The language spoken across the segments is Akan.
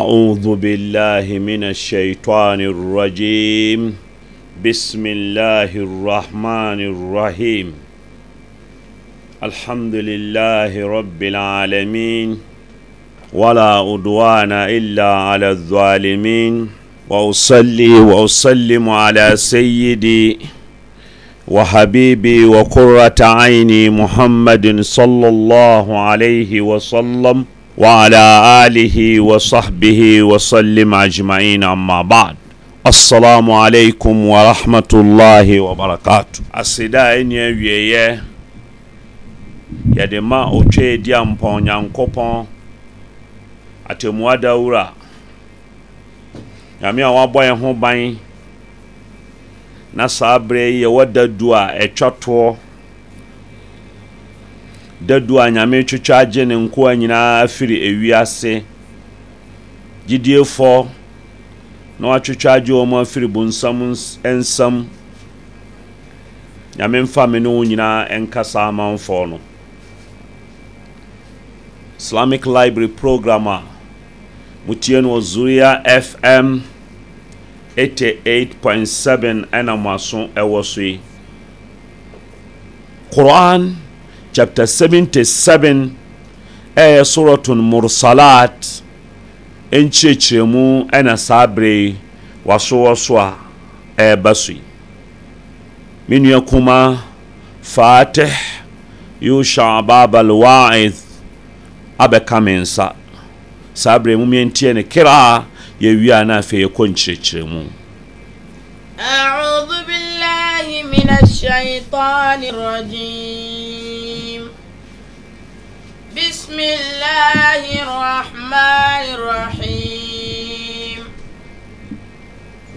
أعوذ بالله من الشيطان الرجيم بسم الله الرحمن الرحيم الحمد لله رب العالمين ولا عدوان إلا على الظالمين وأصلي وأسلم على سيدي وحبيبي وقرة عيني محمد صلى الله عليه وسلم وعلى آله وصحبه وسلم أجمعين أما بعد السلام عليكم ورحمة الله وبركاته أسيدا إني ويا يدما أوتشي ديام بون يانكوبون أتموا داورا nyame a wabɔ yɛn ho ban na saa berɛ yi dadu a nyame twitwa agye ne nkoa nyinaa afiri ewiase gyidiefɔ na watwitwa agye wɔn afiri bonsam nsam nyame mfa me ne wo nyinaa ɛnkasa amanfo no islamic library program a motie no zuria fm 88.7 ɛna mo aso ɛwɔ so yi quran chapter 77 ɛyɛ suratul mursalat nkyerɛkyerɛmu ɛna saa bere wasoɔ so a ɛreba so yi me nua kuma fatih yusha babal wa'id abɛka me nsa saa bere mu meɛntiɛ ne kra yɛwie a na afei yɛkɔ nkyerɛkyerɛmu أعوذ بالله من الشيطان الرجيم بسم الله الرحمن الرحيم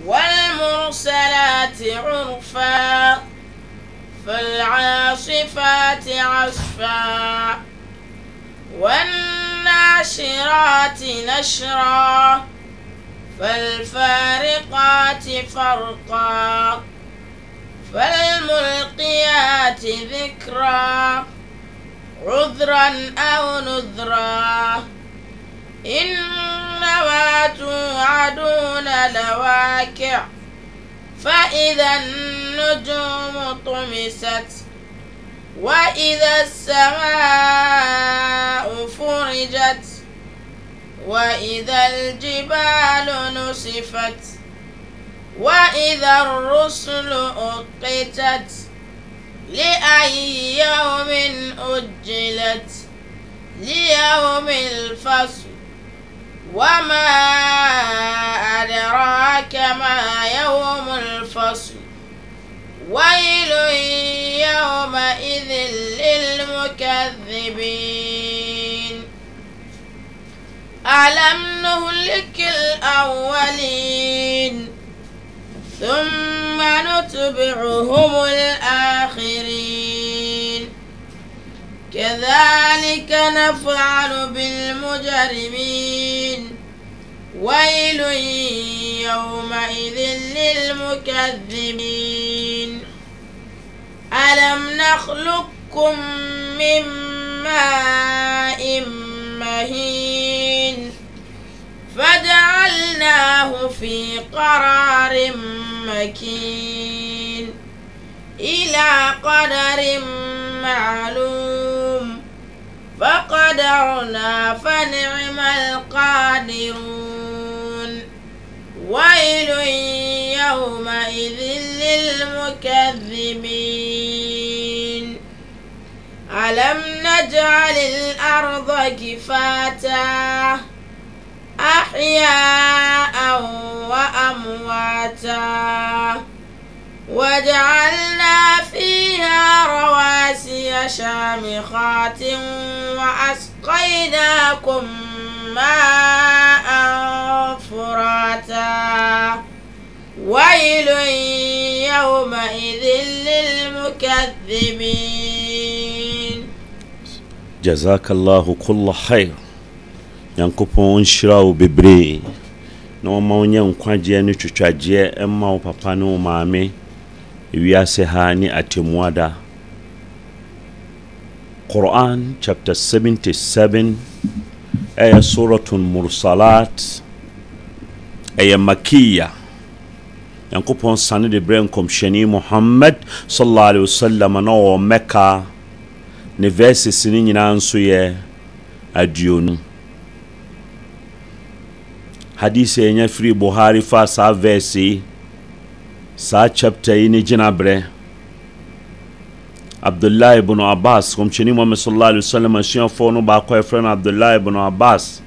والمرسلات عرفا فالعاصفات عصفا والناشرات نشرا فالفارقات فرقا فالملقيات ذكرا عذرا أو نذرا إنما توعدون لواكع فإذا النجوم طمست وإذا السماء فرجت وإذا الجبال نصفت وإذا الرسل أقتت لأي يوم أجلت ليوم الفصل وما أدراك ما يوم الفصل ويل يومئذ للمكذبين ألم نهلك الأولين ثم نتبعهم الآخرين كذلك نفعل بالمجرمين ويل يومئذ للمكذبين ألم نخلقكم من ماء مهين فجعلناه في قرار مكين إلى قدر معلوم فقدرنا فنعم القادرون ويل يومئذ للمكذبين ألم نجعل الأرض كفاتا أحياء وأمواتا وجعلنا فيها رواسي شامخات وأسقيناكم ماء فراتا ويل يومئذ للمكذبين جزاك الله كل خير nyankopɔn nhyira wo bebree na wɔma wo nyɛ nkwagyeɛ ne twitwagyeɛ ɛma wo papa ne wo maame ewiase ha ne atemmuada quran chapter 77 ɛyɛ suratul mursalat ɛyɛ makiya nyankopɔn sane de berɛ nkɔmhyɛni muhammad sallallahu alaihi wasallam na ɔwɔ mɛka ne verses ne nyinaa nso yɛ aduonu hadisi ɛnyɛ firi buhari fa saa verse saa chapter yi ne gyinaberɛ abdullahi ibn abbas kɔmkyɛni muhammad sallallahu alaihi wasallam asuafoɔ no baakɔ ɛfrɛ no abdullahi ibn abbas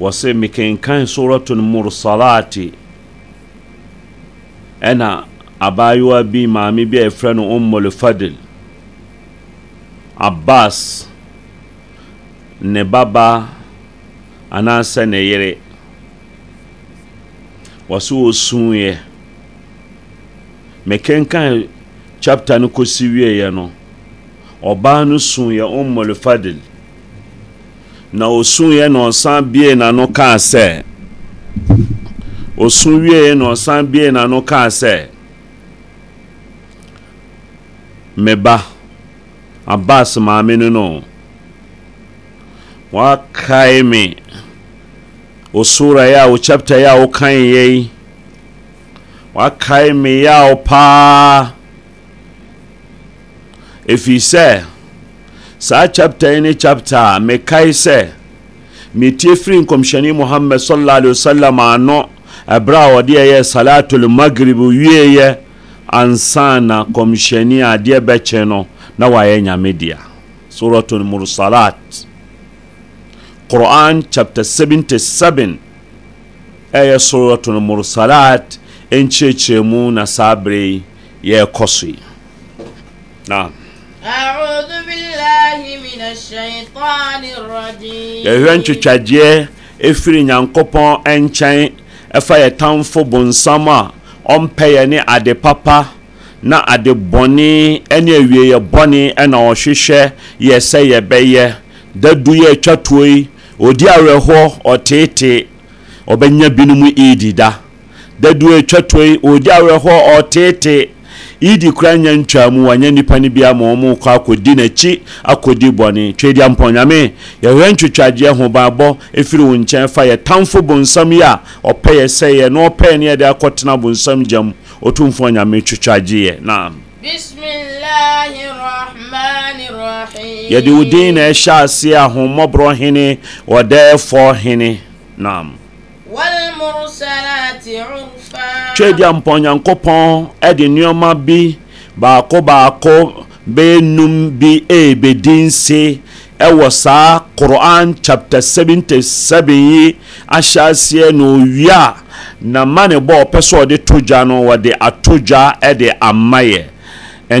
wɔse mekenkan suratul mursalati ɛna abaayewa bi maame bi a ɛfrɛ no ummul fadl abbas ne baba anaasɛ ne yere wɔso wɔsuueɛ mekenkan chapter no kɔsi wieeɛ no ɔbaa no suueɛ ummul na ɔsuueɛ na ɔsan bie n'ano kaa sɛ ɔsu wieeɛ na ɔsan bie n'ano kaa sɛ me abbas maame no no wakae me wo sura yɛ a wo chapter yɛ a wo yɛ yi wakae me yɛ a wo paa ɛfiri sɛ saa chapter yi ne chapter a mekae sɛ metie firi nkɔmhyɛne muhammad sallallahu alaihi wasallam ano ɛberɛ a ɔde ɛyɛ salatul magrib wieeɛ ansa na kɔmhyɛni adeɛ bɛkyɛ no na wayɛ nyame dea suratul mursalat Quran chapter 77 ɛyɛ suratul mursalat nkyerɛkyerɛmu na saa bere yi yɛrekɔ so yi na yɛhwɛ ntwitwadeɛ ɛfiri nyankopɔn nkyɛn ɛfa yɛ tamfo bonsam a ɔmpɛ yɛ ne ade papa na ade bɔne ɛne awieyɛ bɔne ɛna ɔhwehwɛ yɛ sɛ yɛbɛyɛ dadu yɛ atwa tuo yi odi awerɛhoɔ ɔteetee ɔbɛnya binom idi da daduo etwa toi odi awerɛhoɔ ɔteetee idi kora nyɛ ntwamu wanyɛ nnipa no bi ma ɔmo kɔ akodi n'akyi akodi bɔne twɛdi mpɔnyame yɛhwɛ ntwitwagyeɛ ho baabɔ ɛfiri wo nkyɛn fa yɛ tamfo bonsam yi a ɔpɛ yɛ sɛeɛ na ɔpɛɛ ne yɛde akɔtena bonsam gyam ɔtumfoɔ nyame twitwagyeɛ naam yɛde wo din na ɛhyɛ ase ahommɔborɔ hene ɔdɛɛfɔ hene nam twɛdi a mpɔnyankopɔn ɛde nneɔma bi baako baako bɛɛnum bi ɛɛbɛdin se ɛwɔ saa quran chapter 77 yi ahyɛ aseɛ na owia na ma ne bɔ ɔpɛ sɛ ɔde to dwa no wɔde ato dwa ɛde amayɛ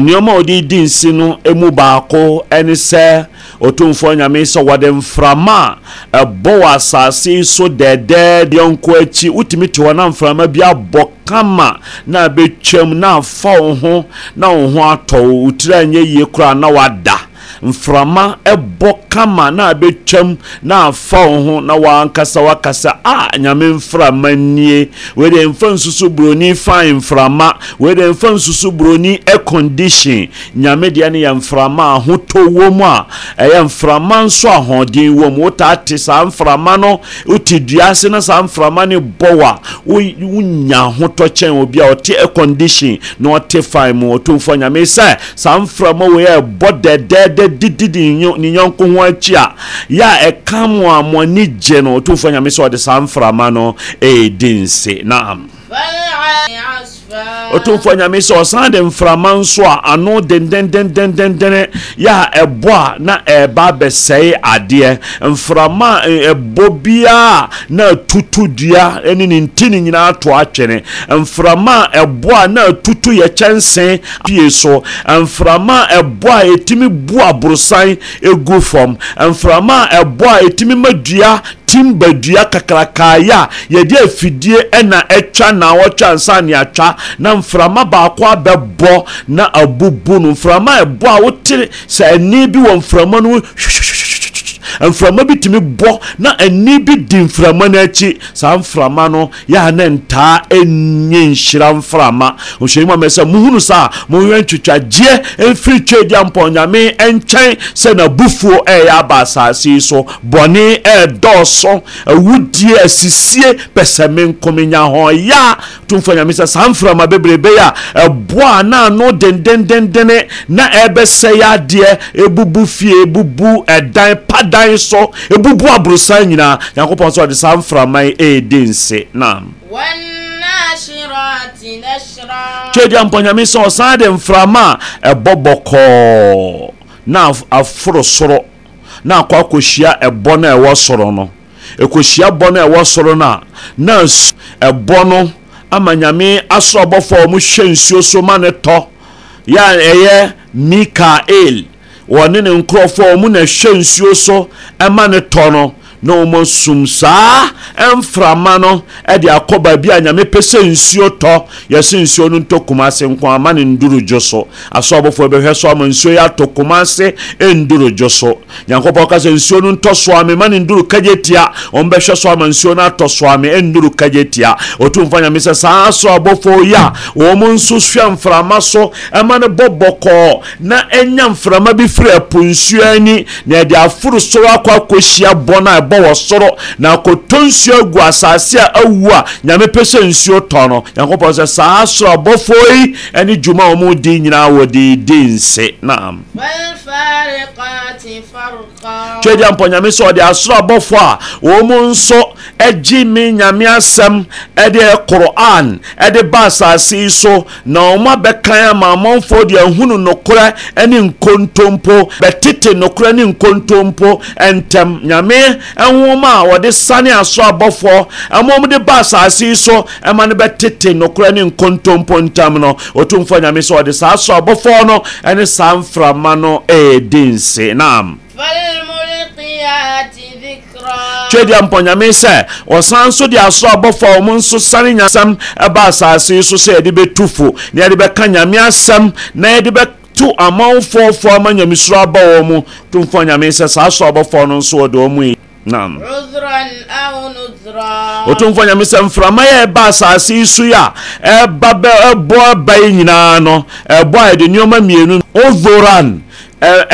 nneɛma a ɔde di nsi no mu baako ne sɛ ɔtumfoɔ nyame sɛ wɔde mframa a ɛbɔ wɔ asase yi so dɛdɛɛdeɛ nkɔ akyi wotumi te hɔ na mframa bi abɔ kama na abɛtwam na afa wo ho na wo ho atɔ wo wotiri anyɛ yie koraa na wada mframa ɛbɔ kama na abɛtwam na afa wo ho na wankasa wakasa a nyame mframa nie wede mfa nsusu buroni fine mframa wede mfa nsusu buroni air condition nyame deɛ no yɛ mframa ahotɔ wɔ mu a ɛyɛ mframa nso ahoɔden wɔ mu wotaate saa mframa no wote dua ase na saa mframa no bɔ wa wonya ahotɔ kyɛn obi a ɔte air na ɔte fine mu ɔtomfoɔ nyame sɛ saa mframa wei ɛbɔ dɛdɛɛdɛ didi ne yɔnko ho akyi a yɛ a ɛka mo a mo ani gye no ɔtomfoɔ nyame sɛ ɔde saa mframa no ɛɛdi e nse naam ɔtomfoɔ nyame sɛ ɔsan de mframa nso a ano dendendendendendene yɛ a ɛbɔ a na ɛba bɛsɛe adeɛ mframa eh, ɛbɔ biara na atutu dua ne ne nti ne nyinaa ato atwene mframa ɛbɔ a na atutu yɛ kyɛnse pie so mframa ɛbɔ a ɛtumi bu aborosan egu fam mframa ɛbɔ a ɛtumi ma dua tim badua kakrakaeɛ a yɛde afidie ɛna ɛtwa na wɔtwa nsa ne atwa na mframa baako abɛbɔ na abubu no mframa ɛbɔ a wote sɛ ani bi wɔ mframa no hwhwhw mframa bi tumi bɔ na ani bi di mframa no akyi saa mframa no yɛa ne ntaa ɛnyɛ nhyira mframa ɔhyɛni mu amɛ sɛ mohunu saa monwɛ ntwitwagyeɛ ɛmfiri twadi ampɔnyame ɛnkyɛn sɛ n'abufuo ɛyɛ aba asase yi so bɔne ɛɛdɔɔso awudie asisie pɛ sɛ me nkomenya hɔ yɛ tomfa nyame sɛ saa mframa bebrebe a ɛboa a na ano dendendendene na ɛbɛsɛe adeɛ ɛbubu fie bubu ɛdan padan aborosan so ebubu aborosan nyinaa nyankopɔn nso ɔde saa mframan ɛɛdi nse naam twɛdia mpɔ nyame sɛ ɔsan de mframa a ɛbɔ bɔkɔɔ na aforo soro na akɔ akɔhyia ɛbɔ no ɛwɔ soro no ɛkɔhyia bɔ no ɛwɔ soro no a na ɛbɔ no ama nyame asorɔbɔfoɔ a ɔmo hwɛ nsuo so ma ne tɔ yɛ ɛyɛ mikael wɔne ne nkurɔfoɔ a ɔmo na ɛhyɛ nsuo so ɛma ne tɔ no na wɔn sum saa mframa no de akɔ baabi a nyame pɛ sɛ nsuo tɔ yɛsɛ nsuo no ntɔ kuma ase nko ama ne nduru dwo so aso abɔfoɔ bɛhwɛ so ama nsuo yɛ atɔ kuma ase nduru dwo so nyankopɔn ka sɛ nsuo no ntɔ so ame ma ne nduru kagye tia wɔn bɛhwɛ so ama nsuo no atɔ so ame nduru kagye tia ɔtumfoɔ nyame sɛ saa aso abɔfoɔ yi a wɔn nso hwɛ mframa so ma no bɔ bɔkɔɔ na nya mframa bi firi ɛpo nsuo ani na yɛde aforo so akɔ akɔhyia bɔ no abɔ wɔ soro na akɔtɔ nsuo agu asase a awu a nyame pɛ sɛ nsuo tɔ no nyankopɔn sɛ saa soro abɔfoɔ yi ne dwuma a ɔmo di nyinaa wɔde di nse naam twɛdi ampɔ nyame sɛ ɔde asoro abɔfoɔ a wɔn nso gye me nyame asɛm de koran de ba asase yi so na wɔn abɛkan ama amanfoɔ de ahunu nokorɛ ne nkontompo bɛtete nokorɛ ne nkontompo ntɛm nyame nwoma a wɔde sane aso abɔfoɔ ɛmom de ba asase so ɛma no bɛtete nokorɛ ne nkontompo ntam no ɔtumfoɔ nyame sɛ ɔde saa aso abɔfoɔ no ɛne saa mframa no ɛɛdi nse nam twedeɛ mpɔnyame sɛ ɔsan nso de aso abɔfo a ɔmo nso sane nyasɛm ɛba asase yi so sɛ yɛde bɛtu fo na yɛde bɛka nyame asɛm na yɛde bɛ amanfoɔfoɔ ama nyamesuro aba wɔ mu tomfoɔ nyame sɛ saa so abɔfoɔ no nso wɔde ɔ yi naam ɔtumfoɔ nyame sɛ mframa yɛ ɛba asase suya so yi a ɛba bɛ ɛbɔ ɛba yi nyinaa no ɛbɔ a yɛde nneɔma mmienu ovoran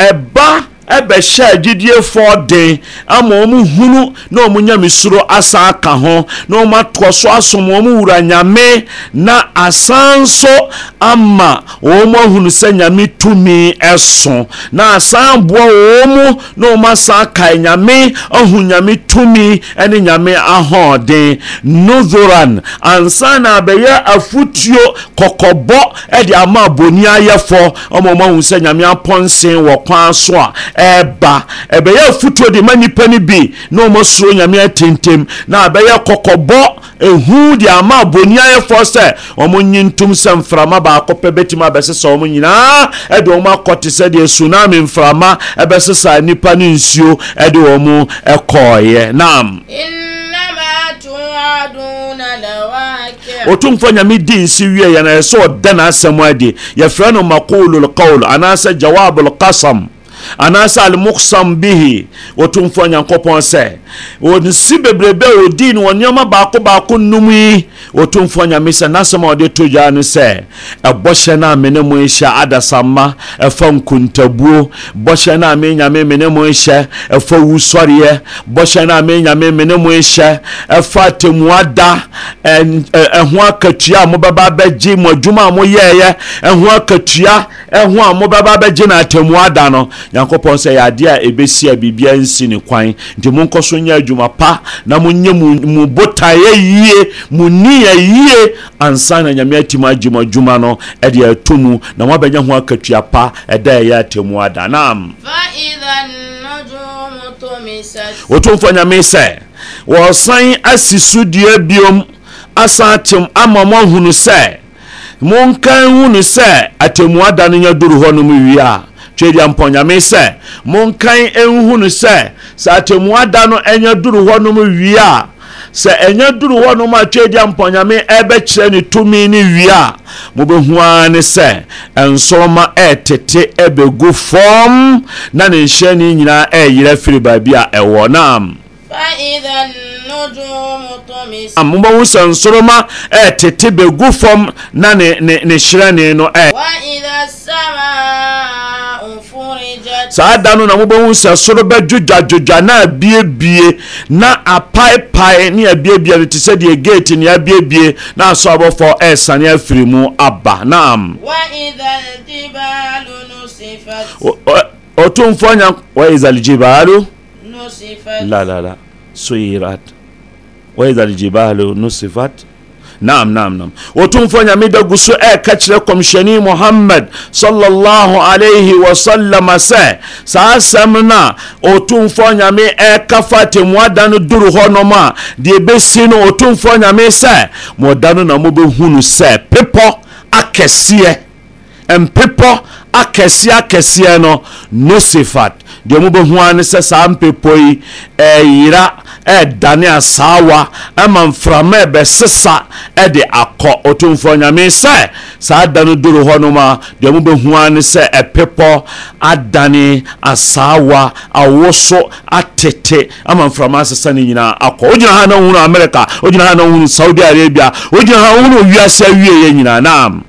ɛba ɛbɛhyɛ agyidiefoɔ den ama wɔn hunu na wɔn nyamesoro asan aka ho na wɔn atoɔ so asom wɔn wura nyame na asan nso ama wɔn ahunu sɛ nyame tumi ɛso na asan aboa wɔn na wɔn asan akae nyame ahu nyame tumi ɛne nyame ahoɔden nudoran ansan na abɛyɛ afutuo kɔkɔbɔ ɛde ama aboni ayɛfo ɔmo ɔmo ahunu sɛ nyame apɔnsen wɔ kwan so a ɛɛba ɛbɛyɛ afutuo de ma nipa no bi na ɔmo soro nyame atentem na abɛyɛ kɔkɔbɔ ehu de ama aboni ayɛfoɔ sɛ ɔmo nyi ntum sɛ mframa baako pɛ bɛtumi abɛsesa ɔmo nyinaa ɛde ɔmo akɔte sɛ deɛ tsunami mframa ɛbɛsesa nipa no nsuo ɛde ɔmo ɛkɔɔyɛ naam. ɔtumfoɔ nyame di nsi wie yɛ na ɛsɛ ɔda n'asɛm adi yɛfrɛ no makolul qawl anaasɛ jawabul qasam anaasɛ almuksam bihi wɔtomfoɔ nyankopɔn sɛ ɔnsi bebrebe a ɔdii no wɔnneɔma baako baako nnom yi wɔtomfoɔ nyame sɛ n'asɛm a wɔde to gyaa no sɛ ɛbɔhyɛ no a mene mo nhyɛ adasamma ɛfa bɔhyɛ no a me nyame mene mo nhyɛ ɛfa wusɔreɛ bɔhyɛ no a me nyame mene mo nhyɛ a mobɛba bɛgye adwuma a moyɛɛyɛ ɛho a mobɛba bɛgye no atammu ada no nyankopɔn sɛ yɛ adeɛ a ɛbɛsi a biribia nsi ne kwan nti monkɔ so nyɛ adwuma pa na monyɛ mu botaeɛ yie mu niɛ yie ansa na nyame atimi adwumadwuma no ɛde ato mu na moabɛnya ho akatua pa ɛda ɛyɛ atammu ada nam ɔtomfo nyame sɛ wɔsan asi so dua biom asan atem ama moahunu sɛ monkan hunu sɛ atemmua da no nya duru hɔ nom wie a twedia mpɔ nyame sɛ monkan nhunu sɛ sɛ atemmua da no ɛnya duru hɔ nom wie a sɛ ɛnya duru hɔ nom a twedia mpɔ nyame ɛbɛkyerɛ ne tumi ne wie a mobɛhu ara ne sɛ nsoroma ɛɛtete ɛbɛgu fam na ne nhyɛne nyinaa ɛɛyerɛ firi baabi a ɛwɔ nam amomawo ah, sɛ nsoroma ɛtete eh, bɛgu fam na ne ne ne hyerɛne no ɛ. Eh. saa da no na mobɛhu sɛ soro bɛdwodwadwodwa na abiebie na apaepae ne abiebie no te sɛ deɛ gate ne abiebie na asɔ abɔfoɔ ɛresane eh, afiri mu aba naam ɔtomfoɔ nya wa izaljibaalu نصفت لا لا لا سيرت وإذا الجبال نصفت naam naam naam otumfo nyame da gu so ɛɛka kyerɛ kɔmhyɛni muhammad sallallahu alaihi wasallama sɛ saa asɛm no a otumfo nyame ɛɛka fa atemmuada no duru hɔnom a deɛ ɛbɛsi no otumfo nyame sɛ mo da no na mobɛhunu sɛ pepɔ akɛseɛ mpepɔ akɛseɛ akɛseɛ no nosefat deɛ mobɛhu a ne sɛ saa mpepɔ yi ɛyera e ɛdane e asaawa ɛma e mframa ɛbɛsesa ɛde akɔ ɔtomfoɔ nyame sɛ saa da no duru hɔ nom a deɛ mobɛhu a ne sɛ ɛpepɔ adane asaawa awoso atete ama mframa asesa no nyinaa akɔ wogyina ha na wohunu amerika wogyina ha na wohunu saudi arabia wogyina ha wohunu wiase awieɛ nyinaa naam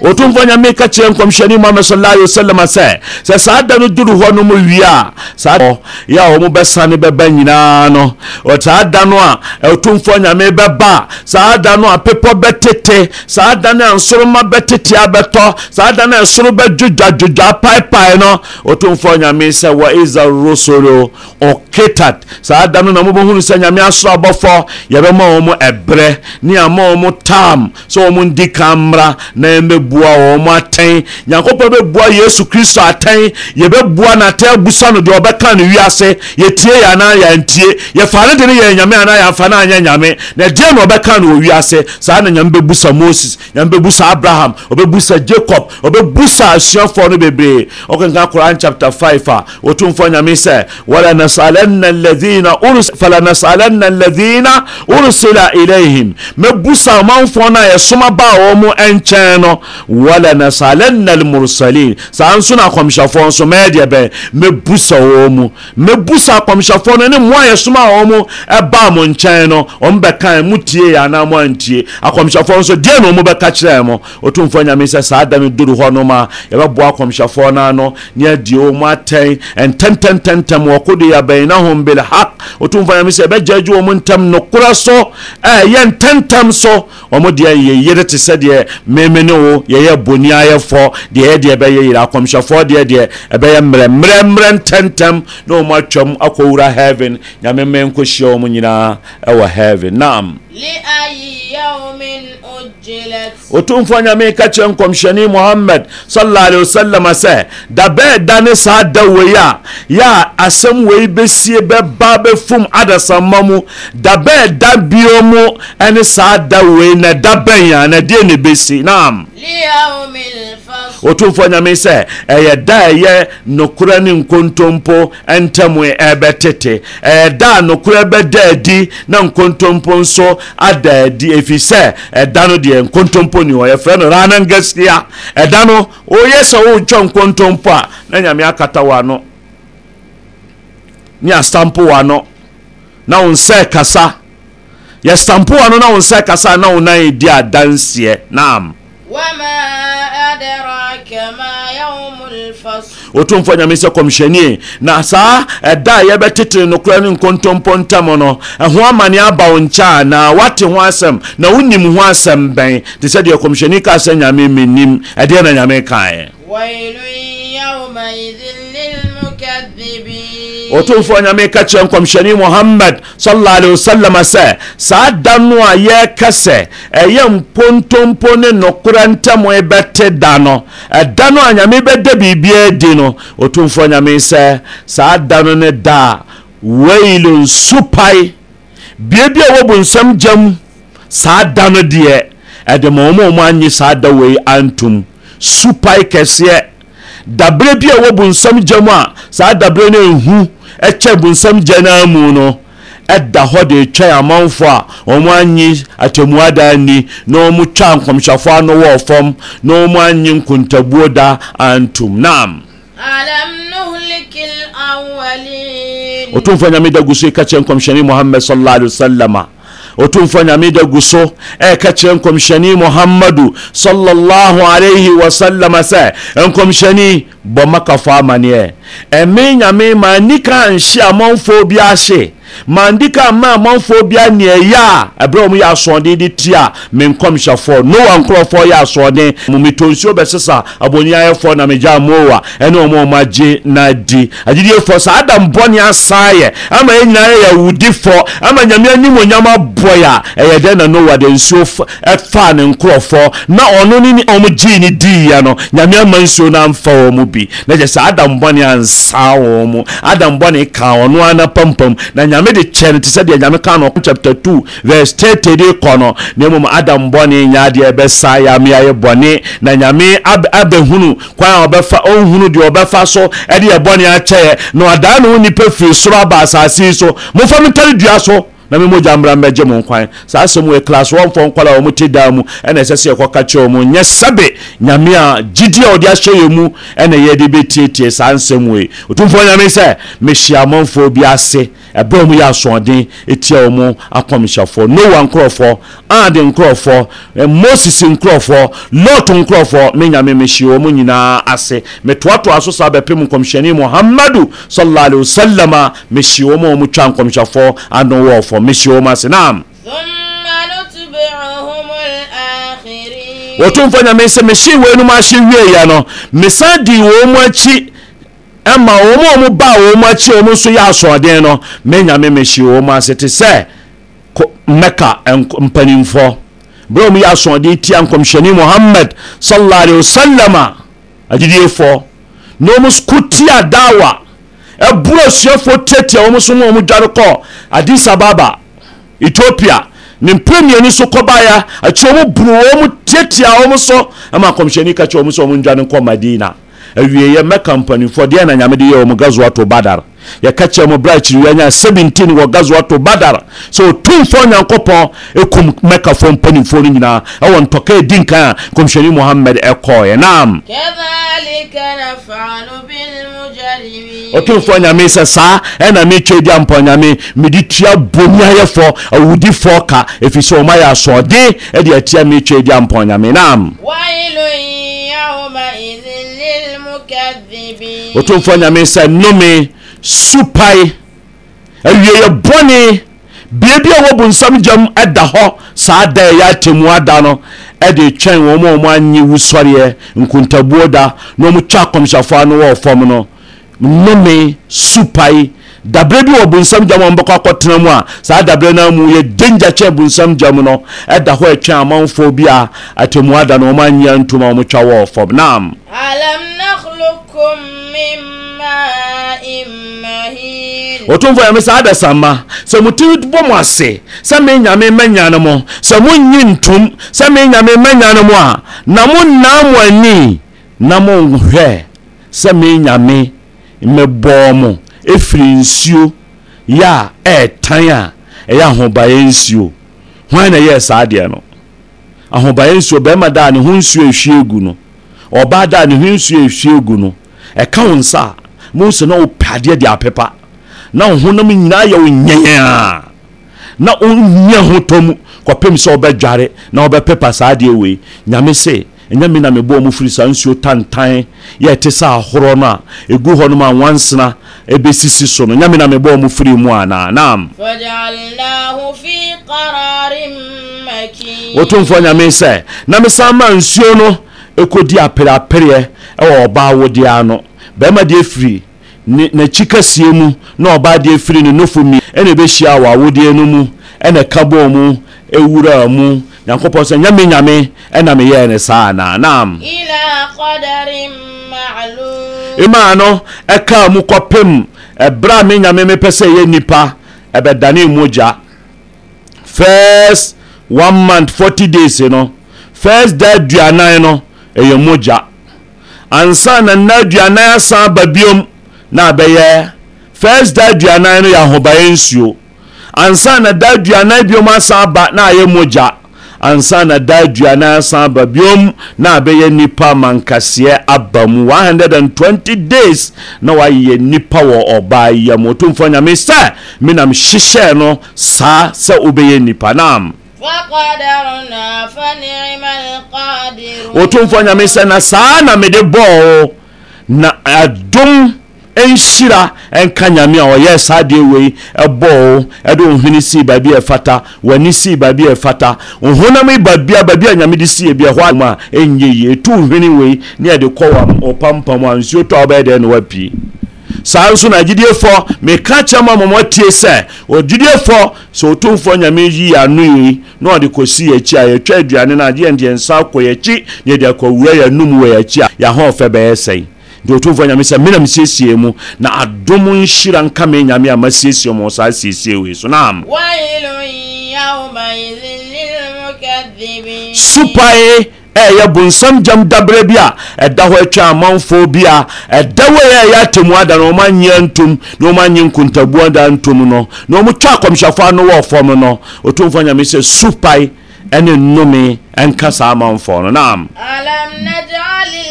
o tun fɔ ɲami ka tiɲɛ kɔmsɛni muhammed sallallahu alaihi wa sallam sɛ sɛ saa da no duru hɔ nomu wia saa dɔ ya o mu bɛ sanni bɛ bɛ nyinaa no o saa da no a e o tun fɔ ɲami bɛ ba saa da a pepɔ bɛ tete saa da no a nsoroma bɛ tete a bɛ tɔ saa da no a soro bɛ juja juja paipai no o tun fɔ ɲami sɛ wa iza rusolo o ketat saa da na mo bɛ hunu sɛ ɲami asɔ abɔfɔ yɛ bɛ ma wɔn mo ɛbrɛ ni a ma wɔn mo tam sɛ wɔn di kan mmra na yɛn bɛboa wɔn atɛn nyankopɔn bɛboa yesu kristo atɛn yɛbɛboa n'atɛn abusa no deɛ ɔbɛka no wiase yɛtie yɛ anan yɛntie yɛfa ne de ne yɛ nyame anan yɛnfa ne anyɛ nyame na deɛ na ɔbɛka no wɔ wiase saa na nyame bɛbusa moses nyame bɛbusa abraham ɔbɛbusa jacob ɔbɛbusa asuafoɔ no bebree ɔkenka koran chapter five a wɔtumfoɔ nyame sɛ wɔlanasalanna alladhina urs falanasalanna alladhina ursila ilayhim mɛbusa ɔmanfoɔ no a yɛsoma baa wɔn mu nkyɛn no wala na salen na mursalin saa nso na akɔmhyɛfoɔ nso mɛyɛ deɛ bɛn mɛbusa wɔn mu mɛbusa akɔmhyɛfoɔ no ne mmoa yɛsoma a wɔn mu ɛbaa mo nkyɛn no wɔn bɛkan mu tie yɛ anaa mo antie akɔmhyɛfoɔ nso deɛ na wɔn bɛka kyerɛ mo otumfoɔ nyame sɛ saa dame duru hɔ nom a yɛbɛboa akɔmhyɛfoɔ no ano ne adie wɔn atɛn ntɛntɛntɛntɛm wɔ kodo yɛ bɛn na hom bil haq otumfoɔ nyame sɛ ɛbɛgya adwo wɔn ntam nokorɛ so ɛɛyɛ ntɛntɛm so wɔn deɛ yɛ yere te sɛ deɛ mmɛmɛ ne wo yɛyɛ boni ayɛfɔ deɛ yɛ deɛ bɛyɛ yere akɔmhyɛfoɔ deɛ deɛ ɛbɛyɛ mmerɛ mmerɛ mmerɛ ntɛntɛm na wɔn atwam akɔwura heaven nyame mmɛn nkɔ hyia wɔn nyinaa ɛwɔ heaven naam. ɔtumfoɔ nyame ka kyerɛ nkɔmhyɛne mohammad sala alei wasalam sɛ da bɛɛ da ne saa da wei a yɛ a asɛm wei bɛsie bɛba bɛfum adasamma mu da bɛɛ da bio mu ɛne saa da wei afei na ɛda bɛn a na deɛ ne bɛsi naam ɔtumfoɔ nyame sɛ ɛyɛ da a ɛyɛ nokora ne nkontompo ntamu ɛbɛtete ɛyɛ da a nokora bɛda adi na nkontompo nso ada adi ɛfiri sɛ ɛda no deɛ nkontompo ni hɔ no rana ngasia ɛda no woyɛ sɛ woretwa nkontompo a na nyame akata wɔ ano ne asampo wɔ ano na wo nsa ɛkasa yɛstampoa no na wo nsa kasa na wo nan di adanseɛ naam ɔtomfo nyame sɛ kɔmhyɛnie na saa ɛda a yɛbɛtetene nokora no nkontompo ntam no ɛho amane aba wo nkyɛ a na woate ho asɛm na wonim ho asɛm bɛn te sɛ deɛ kɔmhyɛni ka sɛ nyame mennim ɛdeɛ na nyame kaeɛ ɔtomfoɔ nyame ka kyerɛ nkɔmhyɛne mohammad sala alei wasalam sɛ saa da no a yɛreka sɛ ɛyɛ mpontompo ne nokora ntɛm ɛbɛte da no ɛda no a nyame bɛda biribiaa di no ɔtomfoɔ nyame sɛ saa da no ne da a wailon supae bie bi a wɔbu nsɛm gyam saa da no deɛ ɛde ma ɔma ɔma anye saa da wei antom supae kɛseɛ dabrɛ bi a ɛwɔ bonsam gya mu a saa dabrɛ no ɛhu ɛkyɛ bonsam gya no mu no ɛda hɔ de twɛn amanfo a wɔn anyi atemua da na wɔn twa nkɔmhyɛfo ano wɔ fam na wɔn anyi nkontabuo da antum naam. alam nuhulikil awalin. otumfo nyame da gusu kakyɛ nkɔmhyɛni muhammed sallallahu alaihi wa sallam a ɔtumfa nyame da gu so ɛka kyerɛ nkɔmhyɛne muhammadu sallallahu alaihi wasallam sɛ nkɔmhyɛne bɔ makafo amaneɛ ɛme nyame ma nika nhye amanfoɔ bi ahye mandika mmaa amanfoɔ e e bi ani ɛyɛ a ɛbrɛ wɔn yɛ asoɔden de ti a me nkɔmhyɛfoɔ noa nkorɔfoɔ yɛ asoɔden mo metɔ nsuo bɛsesa abonyaefoɔ na megya moa ɛne wɔn a wɔn agye na di agyidiefoɔ saa adam bɔne asaayɛ ama yɛn nyinaa yɛ awudifoɔ ama nyame anim onyam abɔ yɛ a ɛyɛ dɛ na noa de nsuo ɛfaa ne nkorɔfoɔ na ɔno ne wɔn gyee ne diiɛ no nyame ama nsuo no amfa wɔn bi na kyɛ sɛ adam bɔne ansaa wɔn adam bɔne ka ɔno ana pampam na nyame nyame de kyɛ no te sɛ deɛ nyame ka no chapter 2 verse 30 de kɔ no na mmom adam bɔne nyɛ adeɛ ɛbɛsa yɛ ame ayɛ bɔne na nyame abɛhunu kwan a ɔbɛfa ɔnhunu deɛ ɔbɛfa so ɛde yɛ bɔne akyɛɛ na ɔdaa ne ho nnipa firi soro aba asase yi so mofa mentare dua so na mmemme ogya mmara mmɛgye mo nkwan saa asɛm wɔ e class one fɔ nkwala a wɔte dan mu ɛna ɛsɛ sɛ yɛkɔka kyerɛ wɔn nyɛ sɛbe nyame a gyidi a wɔde ahyɛ yɛn mu ɛna yɛde bɛtietie saa nsɛm wɔ yi otumfoɔ nyame sɛ mehyia amanfoɔ bi ase ɛbɛn e mu yɛ asoɔden etia wɔn akɔmhyɛfoɔ noa nkorɔfoɔ ad nkorɔfoɔ e moses nkorɔfoɔ lot nkorɔfoɔ me nyame mehyia wɔn nyinaa ase metoatoa so saa bɛpem nkɔmhyɛni muhammadu sallallahu alaihi wa sallam a mehyia wɔn a wɔn twa nkɔmhyɛfoɔ ano ɔmehyeomaase nam wɔtomfo nyame sɛ mehyee wei nom ahye wieia no mesan di wɔ mu akyi ɛma wɔ mu a mu baa wɔ mu akyi wɔ mu nso yɛ asoɔden no me nyame mehyee wɔ mu ase te sɛ mɛka mpanimfoɔ berɛ mu yɛ asoɔden tia nkɔmhyɛni mohammad sallallahu alaihi wasallam a agyidiefoɔ na ɔmu ko tia dawa ɛboro asuafoɔ tiatia wɔm so mu ɔ mu dware kɔ addis ababa ethiopia ne mprɛmiani so kɔbaeɛ akyɛ mu buru wɔ mu tiatia wɔ m so ɛma kɔmhyɛni ka kyɛ wɔ m sɛ ɔmo ndwane nkɔ madina awieɛ mɛka mpanimfoɔ deɛ na nyame de yɛ wɔ mu gazoato badar yɛka kyerɛ mu berɛ akyiri nya 17 wɔ gazoato badar sɛ ɔtumfoɔ nyankopɔn ɛkum mɛkafoɔ mpanimfoɔ no nyinaa ɛwɔ ntɔka ɛdi nkan a kɔmhyɛni mohammad ɛkɔɔɛ nam ɔtumfoɔ nyame sɛ saa ɛna metwa di ampɔ nyame mede tua boni ka ɛfiri sɛ ɔma yɛ asoɔden ɛde atia metwa di ampɔ nyame nam ɔtumfoɔ nyame sɛ nome supae awieyɛ bɔne bie bi a wɔbu nsam gyam ɛda hɔ saa da ɛyɛ ada no ɛde twɛn wɔn a wɔn anyi wusɔreɛ nkuntabuo da na wɔn akɔmhyɛfoɔ ano wɔ fam no nnome supae dabrɛ bi wɔ bonsam gya mu a mbɛkɔ akɔtena mu a saa dabrɛ no mu yɛ dangya kyɛn bonsam gya mu no ɛda hɔ ɛtwɛn amanfoɔ bi a atemmu ada no ɔma nyia ntom a ɔmotwa wɔɔ fam nam ɔtomfo yɛme saa adasamma sɛ motumi bɔ mo ase sɛ menyame manya no mo sɛ monyi ntom sɛ menyame manya no mo a na monnaa mo ani na monhwɛ sɛ menyame mmɛbɔɔ mo ɛfiri nsuo yɛ a ɛɛtan a ɛyɛ ahobaeɛ nsuo hwan na ɛyɛɛ saa deɛ no ahobaeɛ nsuo bɛrima da a ne ho nsuo ehwie egu no ɔbaa da a ne ho nsuo ehwie egu no ɛka wo nsa mo nso na wopɛ adeɛ de apepa na wo honam nyinaa yɛ wo nyɛnyaa na wonyɛ ho tɔ mu kɔpem sɛ wobɛdware na wobɛpepa saa adeɛ wei nyame se ɛnyɛ me na mebɔɔ mu firi saa nsuo tantan yɛ ɛte sɛ ahorɔ no a ɛgu hɔ nom a nwansena ɛbɛsisi so no ɛnyɛ me na mebɔɔ mu firi mu anaa nam wɔtomfoɔ nyame sɛ na mesan ma nsuo no ɛkɔdi apereapereɛ ɛwɔ ɔbaa wodeɛ ano bɛrima deɛ firi n'akyi kaseɛ mu na ɔbaa deɛ firi ne nofo mi ɛna ɛbɛhyia wɔ awodeɛ no mu ɛna ɛka bɔɔ mu ɛwura mu nyankopɔn sɛ nyame nyame ɛna meyɛɛ ne saa anaa nam ima no ɛkaa mu kɔpem ɛberɛ a me nyame mepɛ sɛ ɛyɛ nnipa ɛbɛdane mu first one month forty days no first da aduanan no ɛyɛ mogya ansa na nna aduanan asan aba biom na abɛyɛ first da aduanan no yɛ ahobaeɛ nsuo ansa na da aduanan biom asan aba na ayɛ mogya ansa na da aduane asan aba biom na abɛyɛ nipa mankaseɛ aba mu 120 days na wayɛ nipa wɔ ɔbaa mu ɔtumfoɔ nyame sɛ menam hyehyɛɛ no saa sɛ wobɛyɛ nipa nam ɔtomfoɔ nyame sɛ na saa na mede bɔɔ na adom ɛnhyira ɛnka nyame a ɔyɛ saa deɛ wei ɛbɔɔ ɛde wo hwene sii baabi a ɛfata w'ani sii baabi a ɛfata honam yi baabia baabi a nyame de sii bi ɛhɔ mu a ɛnyɛ yie ɛtu wo hwene wei ne ɛde kɔ ɔpampam a nsuo tɔ a wobɛyɛ dɛn ne woapie saa nso na agyidiefo meka kyerɛ mu amamɔ tie sɛ ogyidiefo sɛ otumfoɔ nyame yi ano yi na ɔde kɔsi yɛkyi a yɛtwa aduane no adeɛ ndeɛ nsa akɔ yɛkyi na yɛde akɔwura yɛanom wɔ yɛakyi a yɛahoɔfɛ bɛyɛ sɛe deɛ ɔtumfoɔ nyame sɛ mena mesiesie mu na adom nhyira nka me nyame a masiesie mo saa siesie wei so naam supae ɛyɛ bonsam gyam dabrɛ bi a ɛda hɔ atwa amanfoɔ bi a ɛda wei ɛyɛ atemu ada na ɔma nyɛ ntom na ɔma nye nkontabuo da ntom no na ɔmo twa akɔmhyɛfoɔ ano wɔ fam no ɔtumfoɔ nyame sɛ supae ɛne nnome ɛnka saa amanfoɔ no naam alam naj'alil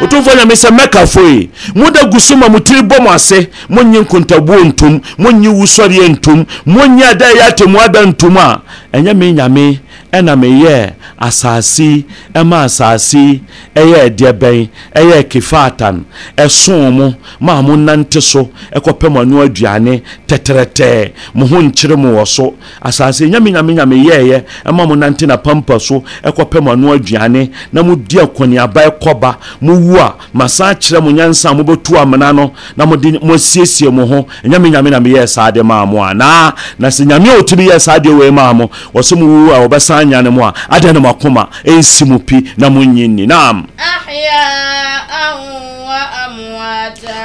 ɔtomfoɔ nyame sɛ mɛkafoe moda gu so ma mo tiri bɔ mo ase monnye nkontabuo ntom monnye wusɔreɛ ntom monnye ada ɛyɛ atemu ada ntom a ɛnyɛ me nyame ɛna meyɛ asase ɛma asase ɛyɛ ɛdeɛ bɛn ɛyɛ kefatan ɛsoo mo ma mo nante so ɛkɔpɛ mo ano aduane tɛtrɛtɛɛ mo ho nkyere mo wɔ so asase nyame nyame nyame yɛɛyɛ ɛma mo nante na pampa so ɛkɔpɛ mo ano aduane na modi akɔneaba ɛkɔ ɔba mowu a masan kyerɛ mo nyansa a mobɛtu amena no na mo moasiesie mo ho ɛnyame nyame na meyɛɛ saa deɛ maa mo anaa na sɛ nyame a ɔtumi yɛ saa deɛ wei maa mo wɔ sɛ mowu a wɔbɛsan nyane mo a adɛn ne moakoma ɛnsi mo pi na monyi nni naam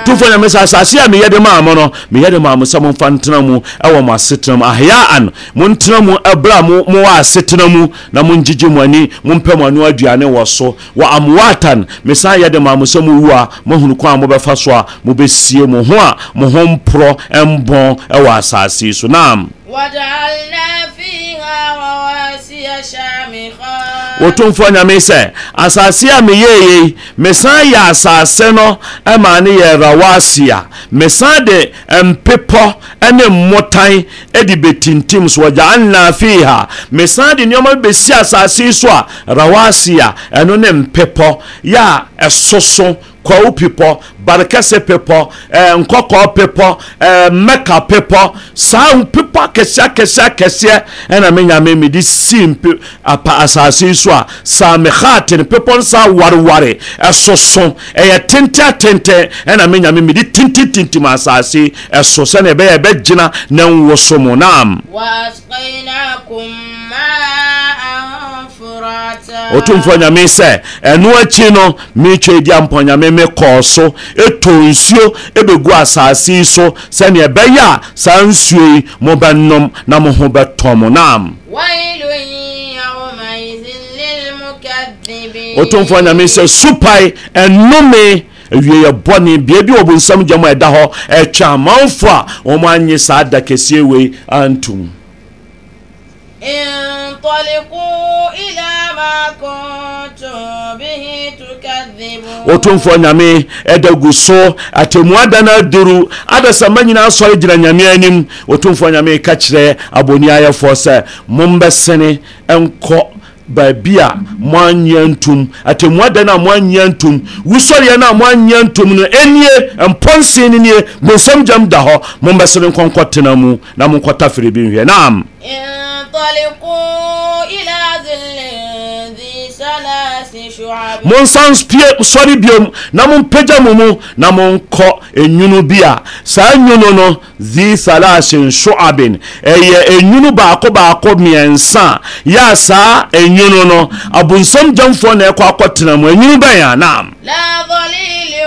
tumfo nyame sɛ asase a meyɛ de maa mo no meyɛ de maa mo sɛ momfa ntena mu ɛwɔ mo asetena mu ahyaan montena mu ɛberɛ a mowɔ asetena mu na mongyegye mo ani mompɛ mo ano aduane wɔ so wɔ amoatan mesan yɛ de maa mo sɛ mowu a moahunu kwan a mobɛfa so a mobɛsie mo ho a mo ho mporɔ ɛmbɔn ɛwɔ e asase so naam wɔtomfoɔ nyame sɛ asase a meyɛyei mesan yɛ asase no ɛma ne yɛ rawasia mesan de mpepɔ ne mmotan de bɛtintim so wɔgyaanna fiha mesan de nneɔma bɛsi asase yi so a rawasia ɛno ne mpepɔ yɛ a ɛsoso Kou pepɔ Barekese pepɔ eh, Nkɔkɔɔ pepɔ eh, Meka pepɔ saa pepɔ akɛseɛ akɛseɛ akɛseɛ ɛna mi nyame mede sii mpe apa asase yi so a saa mehaten pepɔ nsa wareware ɛsoso ɛyɛ tenten atenten ɛna mi nyame mede tintintintim asase ɛso sɛne ɛbɛyɛ ɛbɛgyina na nwo so mo nam ɔtomfoɔ nyame sɛ ɛno akyi no metwa di mi tumi kɔɔ so ɛtɔ nsuo ɛbɛgu asase yi so sɛnea ɛbɛyɛ a saa nsuo yi mobɛnom na mo ho bɛtɔ mo nam ɔtomfoɔ nyame sɛ supae ɛnome awie bɔne bea bi wɔbonsam gya ɛda hɔ ɛtwa amanfo a wɔn anye saa da kɛseɛ wei antom ɔtomfoɔ nyame ɛda gu so atemmuada no aduru adasamma nyinaa asɔre gyina nyame anim ɔtomfoɔ nyame ka kyerɛ aboni ayɛfoɔ sɛ mombɛsene ɛnkɔ baabi a moanyɛ ntom atemmuada no a moanyɛ ntom wusɔreɛ no a moanyɛ ntom no ɛnie mpɔnse no nie mensɛm gyam da hɔ mombɛsene nkɔnkɔtena mu na monkɔta firi bi nhwɛ naam yeah. monsan sɔre biom na mompagya mo mu na monkɔ enwunu bi a saa nwunu no zi salasin shoabin ɛyɛ enwunu baako baako mmiɛnsa yɛ a saa enwunu no abonsam gyamfoɔ na ɛkɔ akɔtena mu enwunu bɛn a naam. la dɔlili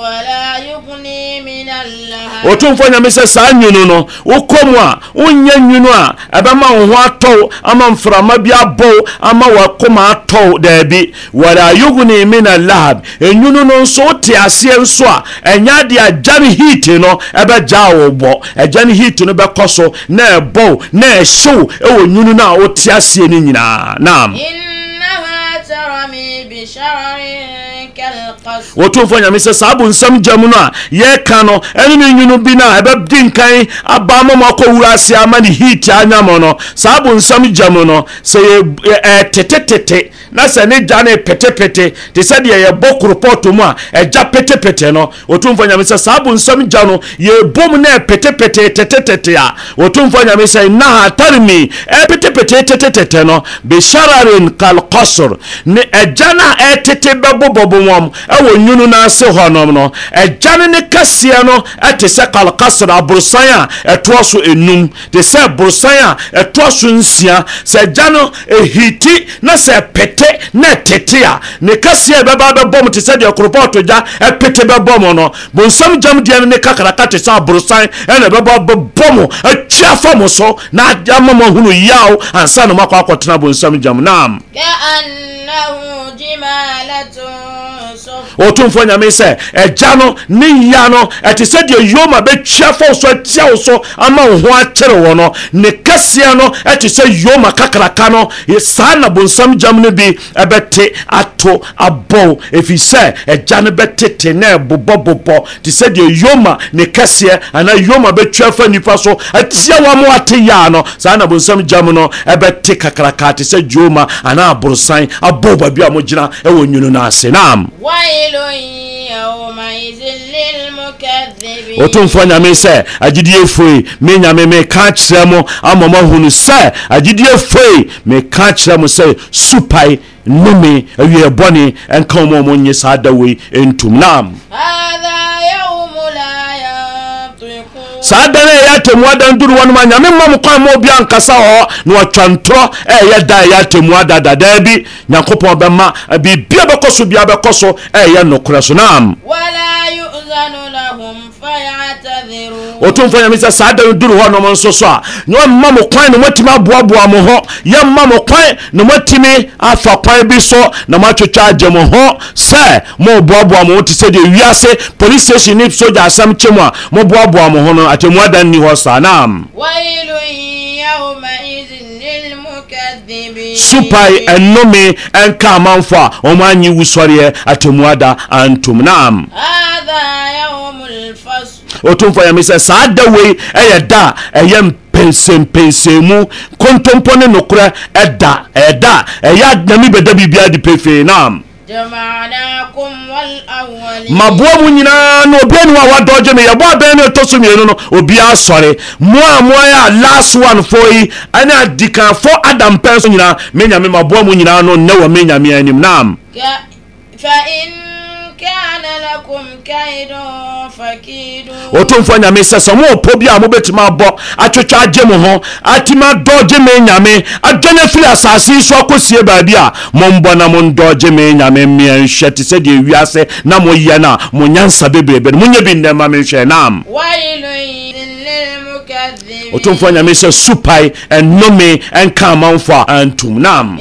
wala yugni minal ɔtomfoɔ nyame sɛ saa nwunu no wokɔ mu a wonyɛ nwunu a ɛbɛma wo ho atɔw ama mframa bi abɔw ama wakoma atɔw daabi wala yugni min alahab ɛnwunu no nso wote aseɛ nso a ɛnyɛ de agya ne heat no ɛbɛgyaa wo bɔ agya ne heat no bɛkɔ so na ɛbɔw na ɛhyew ɛwɔ nwunu no a wote aseɛ no nyinaa naam wɔtomfo nyame sɛ saa bo nsɛm gya mu no a yɛka no ɛne ne nwunu bi no a ɛbɛdi nkan aba ma ma akɔ wura ase ama ne heat anyam no saa bo nsɛm gya mu no sɛ ɛtetetete na sɛ ne gya ne petepete te sɛ deɛ yɛbɔ koropɔto mu a ɛgya petepete no wɔtomfo nyame sɛ saa bo nsɛm gya no yɛbom na ɛpetepete tetetete a wɔtomfo nyame sɛ naha taremi ɛpetepete tetetete no bishararin kalkosor ne ɛgya no a ɛtete bɛbobɔbo wɔm ɛwɔ nwunu n'ase hɔnom no ɛgya ne ne kɛseɛ no ɛte sɛ kalkasra aborosan a ɛtoɔ so enum te sɛ aborosan a ɛtoɔ so nsia sɛ ɛgya no ehiti na sɛ pete na ɛtete a ne kɛseɛ ɛbɛba bɛbɔ mu te sɛ deɛ koropɔɔto gya ɛpete bɛbɔ mu no bonsam gyam deɛ no ne kakraka te sɛ aborosan ɛna ɛbɛba bɛbɔ mu atwa fa mu so na ama mu ahunu yaw ansa na mu akɔ akɔtena bonsam gyam naam ɔtumfoɔ nyame sɛ ɛgya no ne ya no ɛte sɛ deɛ yoma bɛtwa fa so atia wo so ama wo ho akyere wɔ no ne kɛseɛ no ɛte sɛ yoma kakraka no saa nabonsam gyam no bi ɛbɛte ato abɔw ɛfiri sɛ ɛgya no bɛtete na ɛbobɔbobɔ te sɛ deɛ yoma ne kɛseɛ anaa yoma bɛtwa fa nnipa so atia wa ma wate yaa no saa nabonsam gyam no ɛbɛte kakraka te sɛ yoma anaa aborosan abɔw baabi a mogyina ɛwɔ nwunu no ase naam Why? ɔtomfoɔ nyame sɛ agyidie foi me nyame meka kyerɛ mo ama moahunu sɛ agyidie foi meka kyerɛ mo sɛ supae nome awiɛ bɔne ɛnka wo ma ɔmɔ nye saa da wei ɛntum nam saa dan a ɛyɛ atemmua dan duru wɔn ma nyame mma mo kwan ma obi ankasa hɔ na ɔtwa ntorɔ ɛyɛ da ɛyɛ atemmua dada daa bi nyankopɔn bɛma biribi bɛkɔ so bia bɛkɔ so ɛyɛ nokorɛ so naam ɔtomfo nyame sɛ saa da no duru hɔ nom nso so a na ɔmma mo kwan na moatumi aboaboa mo ho yɛmma mo kwan na moatumi afa kwan bi so na moatwetwa agye mo ho sɛ moboaboa mo ho te sɛ deɛ wiase police station ne sogya asɛm kye mu a moboaboa mo ho no atemmu ada nni hɔ saa nam supae ɛnome ɛnka amanfo a ɔmo anyi wusɔreɛ atemmu ada antom nam ɔtomfo nyame sɛ saa da wei ɛyɛ da a ɛyɛ mpɛnsɛmpɛnsɛn mu kontompo ne nokorɛ ɛda ɛda ɛyɛ nyame bɛda biribiaa de pefee nam maboa mu nyinaa na obia ne wa wadɔ gye me yɛbɔ abɛn no ɛtɔ so mmienu no obiaa sɔre mmoa a mmoa a last one fo yi ɛne adikanfo adampɛn so nyinaa me nyame maboa mu nyinaa no nnɛ wɔ me nyame anim nam ɔtomfoɔ nyame sɛ sɛ moɔpɔ bi a mobɛtumi abɔ atwetwa agye mo ho atumi adɔgye me nyame adwane firi asase yi so akɔsie baabi a mombɔ na mondɔgye me nyame mmea nhwɛ te sɛ deɛ wiase na moyɛ no a mo nyansa bebrebe no monyɛ bi nnɛ ma menhwɛ nam ɔtomfoɔ nyame sɛ supae ɛnome ɛnka amanfo a antum nam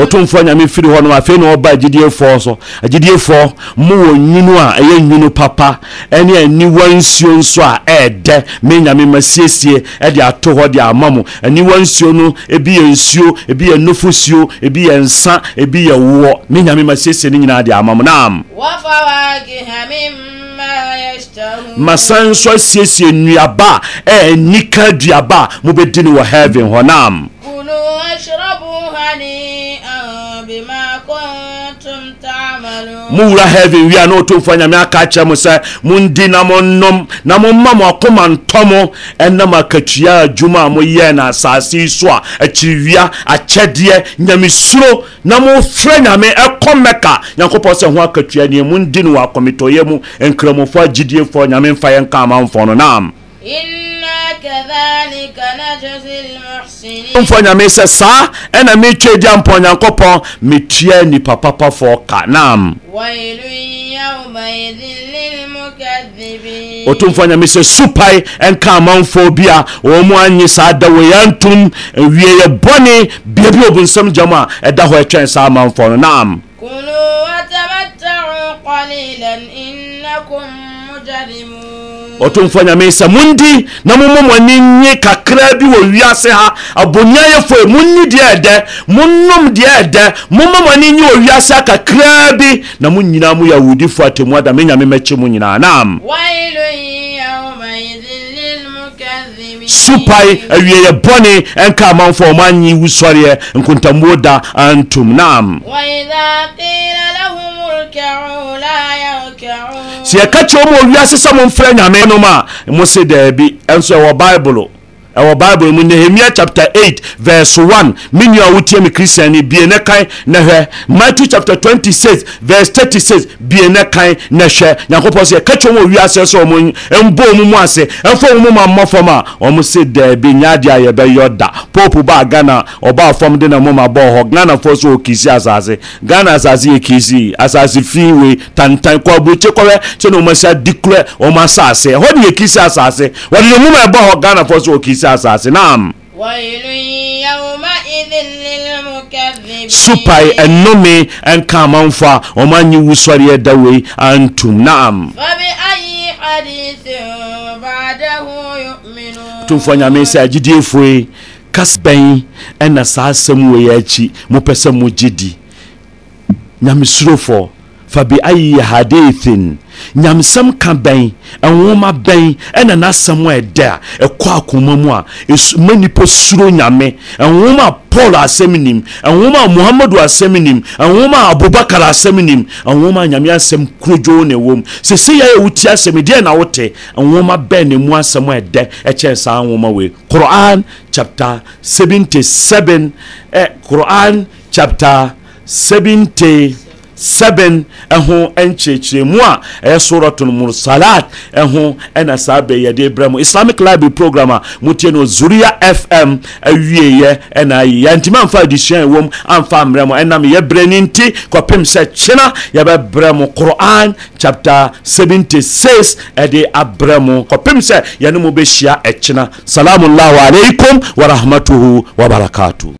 ɔtomfoɔ nyame firi hɔ nom afei na ɔba agyidiefoɔ so agyidiefoɔ mo wɔ nwunu a ɛyɛ nwunu papa ɛne aniwa nsuo nso a ɛɛdɛ me nyame ma ɛde ato hɔ de ama mo aniwa nsuo no ebi yɛ nsuo ebi yɛ nofo suo ebi yɛ nsa ebi yɛ woɔ me nyame ma siesie no nyinaa de ama mo naam masan nso asiesie nnuaba a ɛnika aduaba mobɛdi no wɔ heaven hɔ naam mowura heaven wie a na ɔtomfoɔ nyame aka akyerɛ mo sɛ mondi na monom na momma mo akoma ntɔ mo ɛnam akatua adwuma a moyɛɛ na asase yi so a akyiriwia akyɛdeɛ nyamesuro na mofrɛ nyame ɛkɔ mɛka nyankopɔn sɛ ho akatua neɛ mondi no wɔ akɔmetɔyɛ mu nkramofo agyidiefoɔ nyame mfa yɛnka amanfoɔ no nam mfɔ nyame sɛ saa ɛna metwe gya mpɔ nyankopɔn metua nnipa papafoɔ ka nam ɔtomfɔ nyame sɛ supae ɛnka amanfoɔ bi a wɔn mu anye saa da wɔyɛ antom wieyɛ bɔne bia bi ɔbunsɛm gyam a ɛda hɔ ɛtwɛn saa amanfoɔ no nam ɔtomfo nyame sɛ mondi na mommɔ mo ani nye kakra bi wɔ wiase ha abonniayɛfoɔ e monni deɛ ɛdɛ monom deɛ ɛdɛ mommɔ mo ani nye wɔ wiase ha kakra bi na mo nyinaa mo yɛ awudifo atemu ada me nyame mɛkye mo nyinaa nam supae awieyɛ bɔne ɛnka amanfo ɔma anye wusɔreɛ nkontammuo da antom nam sɛ yɛka kyerɛ wɔ ma owiase sɛ momfrɛ nyame nom a mo se daabi ɛnso ɛwɔ bible ɛwɔ bible mu nehemia chapter 8 verse 1 me nua wotie me christian ni bie ne kan na hwɛ matthew chapter 26 verse 36 bie ne kan na hwɛ nyankopɔn sɛ ɛka kyɛ wɔn wiase sɛ ɔmo mbɔ ɔmo mu ase ɛfɔ ɔmo mu ama fam a ɔmo sɛ dɛɛbi nyaadeɛ a yɛbɛyɛ da pope baa ghana ɔbaa fam de na mo ma bɔɔ hɔ ghana so okisi asase ghana asase yɛ kisi asase fi we tantan kɔ aburukye kɔrɛ sɛ na ɔmo asa dikurɛ ɔmo asase ɛhɔ de yɛ kisi asase wɔde ne mu ma ɛbɔ hɔ ghana so okisi asase naam supae ɛnome ɛnka amanfo a ɔma anyi wusɔre ɛda wei antum naam tumfoɔ nyame sɛ agyidiefoe kas ɛna saa asɛm wei akyi mopɛ sɛ mogye di nyamesurofoɔ fabi ayi hadithin nyamsɛm ka bɛn nwoma bɛn ɛna n'asɛm a ɛda a ɛkɔ akoma mu a ma nipa suro nyame nwoma paul asɛm nim nwoma muhammadu asɛm nim nwoma abubakar asɛm nim nwoma a nyame asɛm kurodwo na ɛwɔ mu sese yɛ a wotie asɛm deɛ na wote nwoma bɛn ne mu asɛm a ɛda ɛkyɛn saa nwoma wei quran chapter 77 eh, quran chapter seventy seven ɛho nkyerɛkyerɛmu a ɛyɛ suratul mursalat ɛho ɛna saa bɛ yɛde brɛ mu islamic library program a motie no zuria fm awieɛ ɛna ayi yɛntimi amfa adesua ɛwɔ mu amfa mmerɛ mu ɛnam yɛbrɛ no nti kɔpem sɛ kyena yɛbɛbrɛ mu quran chapter 76 ɛde abrɛ mu kɔpem sɛ yɛne mu bɛhyia ɛkyena salamu alaikum wa wabarakatuh